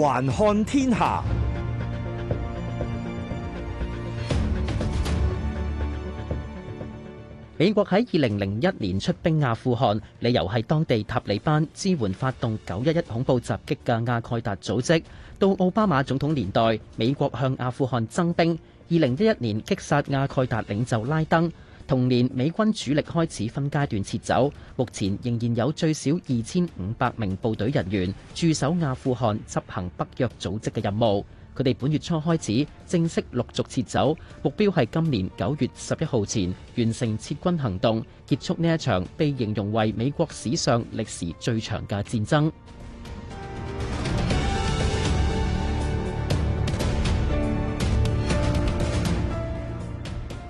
環看天下。美國喺二零零一年出兵阿富汗，理由係當地塔利班支援發動九一一恐怖襲擊嘅阿蓋達組織。到奧巴馬總統年代，美國向阿富汗增兵，二零一一年擊殺阿蓋達領袖拉登。同年，美軍主力開始分階段撤走，目前仍然有最少二千五百名部隊人員駐守阿富汗執行北約組織嘅任務。佢哋本月初開始正式陸續撤走，目標係今年九月十一號前完成撤軍行動，結束呢一場被形容為美國史上歷時最長嘅戰爭。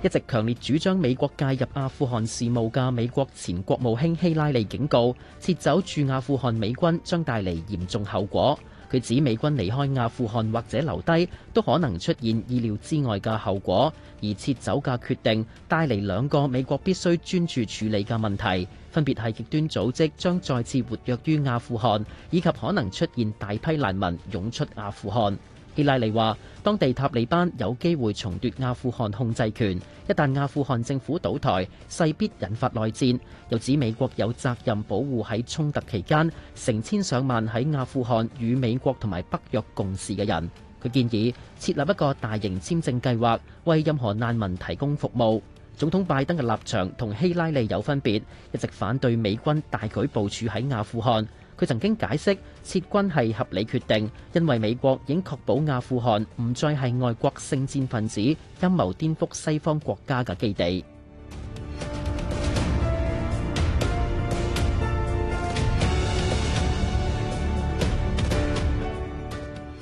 一直強烈主張美國介入阿富汗事務嘅美國前國務卿希拉莉警告，撤走駐阿富汗美軍將帶嚟嚴重後果。佢指美軍離開阿富汗或者留低，都可能出現意料之外嘅後果，而撤走嘅決定帶嚟兩個美國必須專注處理嘅問題，分別係極端組織將再次活躍於阿富汗，以及可能出現大批難民湧出阿富汗。希拉莉話。當地塔利班有機會重奪阿富汗控制權，一旦阿富汗政府倒台，勢必引發內戰。又指美國有責任保護喺衝突期間成千上萬喺阿富汗與美國同埋北約共事嘅人。佢建議設立一個大型簽證計劃，為任何難民提供服務。總統拜登嘅立場同希拉莉有分別，一直反對美軍大舉部署喺阿富汗。佢曾經解釋撤軍係合理決定，因為美國已經確保阿富汗唔再係外國聖戰分子陰謀顛覆西方國家嘅基地。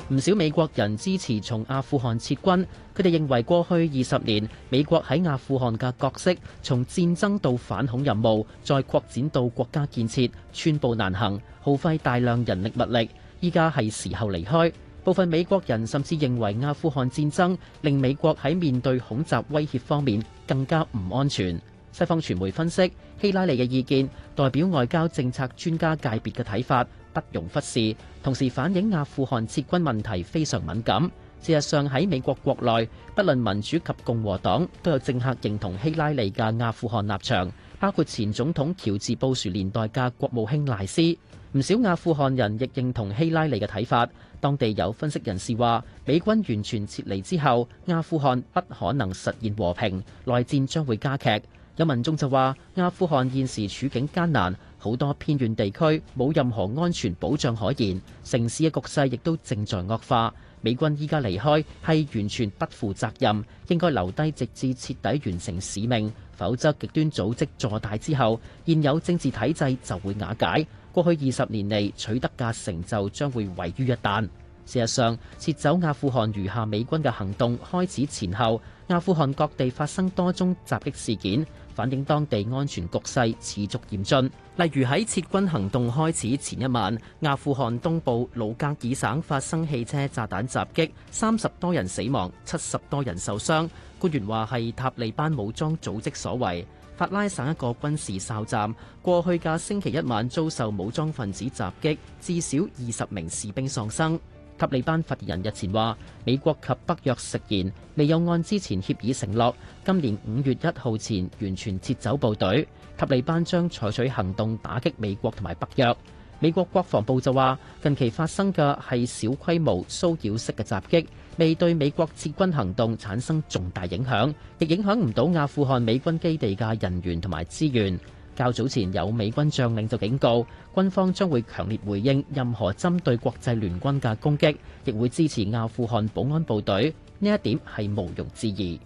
唔少美國人支持從阿富汗撤軍，佢哋認為過去二十年美國喺阿富汗嘅角色，從戰爭到反恐任務，再擴展到國家建設，寸步難行，耗費大量人力物力。依家係時候離開。部分美國人甚至認為阿富汗戰爭令美國喺面對恐襲威脅方面更加唔安全。西方傳媒分析，希拉莉嘅意見，代表外交政策專家界別嘅睇法。不容忽視，同時反映阿富汗撤軍問題非常敏感。事實上喺美國國內，不論民主及共和黨都有政客認同希拉莉嘅阿富汗立場，包括前總統喬治布殊年代嘅國務卿賴斯。唔少阿富汗人亦認同希拉莉嘅睇法。當地有分析人士話，美軍完全撤離之後，阿富汗不可能實現和平，內戰將會加劇。有民眾就話，阿富汗現時處境艱難。好多偏遠地區冇任何安全保障可言，城市嘅局勢亦都正在惡化。美軍依家離開係完全不負責任，應該留低直至徹底完成使命，否則極端組織坐大之後，現有政治體制就會瓦解。過去二十年嚟取得嘅成就將會毀於一旦。事實上，撤走阿富汗餘下美軍嘅行動開始前後，阿富汗各地發生多宗襲擊事件，反映當地安全局勢持續嚴峻。例如喺撤軍行動開始前一晚，阿富汗東部魯格爾省發生汽車炸彈襲擊，三十多人死亡，七十多人受傷。官員話係塔利班武裝組織所為。法拉省一個軍事哨站過去嘅星期一晚遭受武裝分子襲擊，至少二十名士兵喪生。塔利班發言人日前話，美國及北約食言，未有按之前協議承諾，今年五月一號前完全撤走部隊。塔利班將採取行動打擊美國同埋北約。美國國防部就話，近期發生嘅係小規模騷擾式嘅襲擊，未對美國撤軍行動產生重大影響，亦影響唔到阿富汗美軍基地嘅人員同埋資源。較早前有美軍將領就警告，軍方將會強烈回應任何針對國際聯軍嘅攻擊，亦會支持阿富汗保安部隊。呢一點係毋庸置疑。